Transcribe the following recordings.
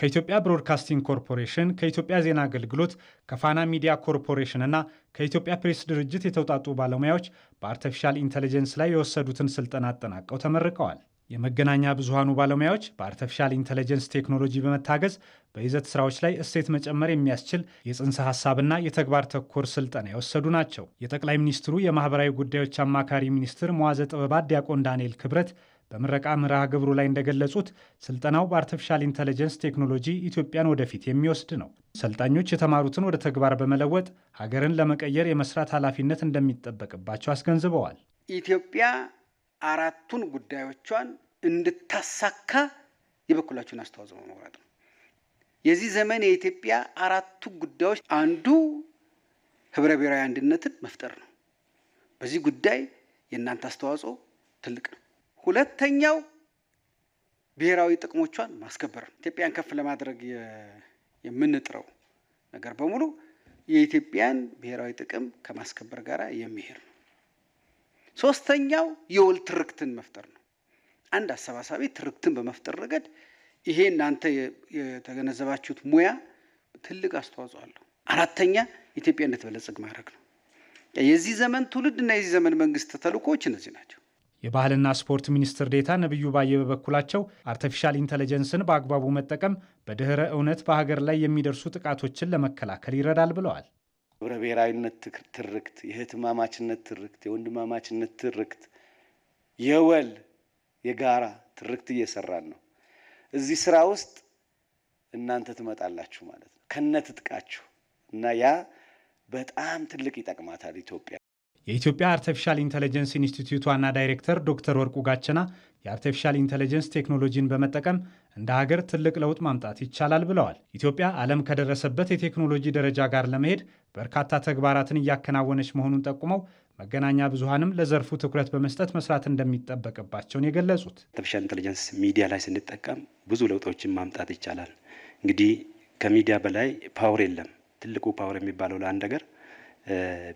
ከኢትዮጵያ ብሮድካስቲንግ ኮርፖሬሽን፣ ከኢትዮጵያ ዜና አገልግሎት፣ ከፋና ሚዲያ ኮርፖሬሽን እና ከኢትዮጵያ ፕሬስ ድርጅት የተውጣጡ ባለሙያዎች በአርተፊሻል ኢንተለጀንስ ላይ የወሰዱትን ስልጠና አጠናቀው ተመርቀዋል። የመገናኛ ብዙሃኑ ባለሙያዎች በአርተፊሻል ኢንተለጀንስ ቴክኖሎጂ በመታገዝ በይዘት ስራዎች ላይ እሴት መጨመር የሚያስችል የጽንሰ ሐሳብና የተግባር ተኮር ስልጠና የወሰዱ ናቸው። የጠቅላይ ሚኒስትሩ የማህበራዊ ጉዳዮች አማካሪ ሚኒስትር መዋዘ ጥበባት ዲያቆን ዳንኤል ክብረት በምረቃ ምርሃ ግብሩ ላይ እንደገለጹት ስልጠናው በአርቲፊሻል ኢንተለጀንስ ቴክኖሎጂ ኢትዮጵያን ወደፊት የሚወስድ ነው። ሰልጣኞች የተማሩትን ወደ ተግባር በመለወጥ ሀገርን ለመቀየር የመስራት ኃላፊነት እንደሚጠበቅባቸው አስገንዝበዋል። ኢትዮጵያ አራቱን ጉዳዮቿን እንድታሳካ የበኩላችሁን አስተዋጽኦ መውራት ነው። የዚህ ዘመን የኢትዮጵያ አራቱ ጉዳዮች አንዱ ህብረ ብሔራዊ አንድነትን መፍጠር ነው። በዚህ ጉዳይ የእናንተ አስተዋጽኦ ትልቅ ነው። ሁለተኛው ብሔራዊ ጥቅሞቿን ማስከበር ነው። ኢትዮጵያን ከፍ ለማድረግ የምንጥረው ነገር በሙሉ የኢትዮጵያን ብሔራዊ ጥቅም ከማስከበር ጋር የሚሄድ ነው። ሶስተኛው የወል ትርክትን መፍጠር ነው። አንድ አሰባሳቢ ትርክትን በመፍጠር ረገድ ይሄ እናንተ የተገነዘባችሁት ሙያ ትልቅ አስተዋጽኦ አለው። አራተኛ ኢትዮጵያ እንድትበለጽግ ማድረግ ነው። የዚህ ዘመን ትውልድ እና የዚህ ዘመን መንግስት ተልእኮዎች እነዚህ ናቸው። የባህልና ስፖርት ሚኒስትር ዴታ ነቢዩ ባየ በበኩላቸው አርቲፊሻል ኢንተለጀንስን በአግባቡ መጠቀም በድህረ እውነት በሀገር ላይ የሚደርሱ ጥቃቶችን ለመከላከል ይረዳል ብለዋል። ህብረ ብሔራዊነት ትርክት፣ የእህትማማችነት ትርክት፣ የወንድማማችነት ትርክት፣ የወል የጋራ ትርክት እየሰራን ነው። እዚህ ስራ ውስጥ እናንተ ትመጣላችሁ ማለት ነው ከነ ትጥቃችሁ እና ያ በጣም ትልቅ ይጠቅማታል ኢትዮጵያ የኢትዮጵያ አርቲፊሻል ኢንተለጀንስ ኢንስቲትዩት ዋና ዳይሬክተር ዶክተር ወርቁ ጋቸና የአርቲፊሻል ኢንተለጀንስ ቴክኖሎጂን በመጠቀም እንደ ሀገር ትልቅ ለውጥ ማምጣት ይቻላል ብለዋል። ኢትዮጵያ ዓለም ከደረሰበት የቴክኖሎጂ ደረጃ ጋር ለመሄድ በርካታ ተግባራትን እያከናወነች መሆኑን ጠቁመው መገናኛ ብዙሃንም ለዘርፉ ትኩረት በመስጠት መስራት እንደሚጠበቅባቸውን የገለጹት አርቲፊሻል ኢንተለጀንስ ሚዲያ ላይ ስንጠቀም ብዙ ለውጦችን ማምጣት ይቻላል። እንግዲህ ከሚዲያ በላይ ፓወር የለም። ትልቁ ፓወር የሚባለው ለአንድ ነገር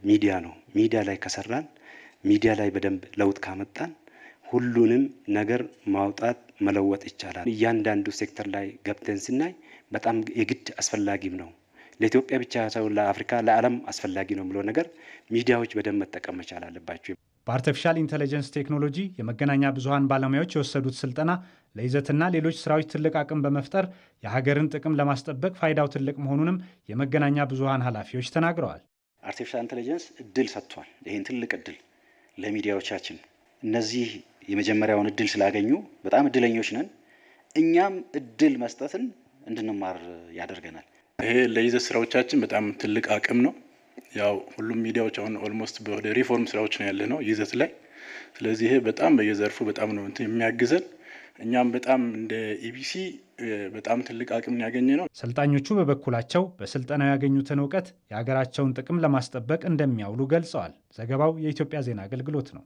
ሚዲያ ነው። ሚዲያ ላይ ከሰራን፣ ሚዲያ ላይ በደንብ ለውጥ ካመጣን ሁሉንም ነገር ማውጣት መለወጥ ይቻላል። እያንዳንዱ ሴክተር ላይ ገብተን ስናይ በጣም የግድ አስፈላጊም ነው። ለኢትዮጵያ ብቻ ሳይሆን ለአፍሪካ፣ ለዓለም አስፈላጊ ነው ብሎ ነገር ሚዲያዎች በደንብ መጠቀም መቻል አለባቸው። በአርቲፊሻል ኢንቴሊጀንስ ቴክኖሎጂ የመገናኛ ብዙሀን ባለሙያዎች የወሰዱት ስልጠና ለይዘትና ሌሎች ስራዎች ትልቅ አቅም በመፍጠር የሀገርን ጥቅም ለማስጠበቅ ፋይዳው ትልቅ መሆኑንም የመገናኛ ብዙሀን ኃላፊዎች ተናግረዋል። አርቲፊሻል ኢንቴሊጀንስ እድል ሰጥቷል። ይህን ትልቅ እድል ለሚዲያዎቻችን እነዚህ የመጀመሪያውን እድል ስላገኙ በጣም እድለኞች ነን። እኛም እድል መስጠትን እንድንማር ያደርገናል። ይሄ ለይዘት ስራዎቻችን በጣም ትልቅ አቅም ነው። ያው ሁሉም ሚዲያዎች አሁን ኦልሞስት ወደ ሪፎርም ስራዎች ነው ያለ ነው ይዘት ላይ። ስለዚህ ይሄ በጣም በየዘርፉ በጣም ነው የሚያግዘን እኛም በጣም እንደ ኢቢሲ በጣም ትልቅ አቅም ያገኘ ነው። ሰልጣኞቹ በበኩላቸው በስልጠናው ያገኙትን እውቀት የሀገራቸውን ጥቅም ለማስጠበቅ እንደሚያውሉ ገልጸዋል። ዘገባው የኢትዮጵያ ዜና አገልግሎት ነው።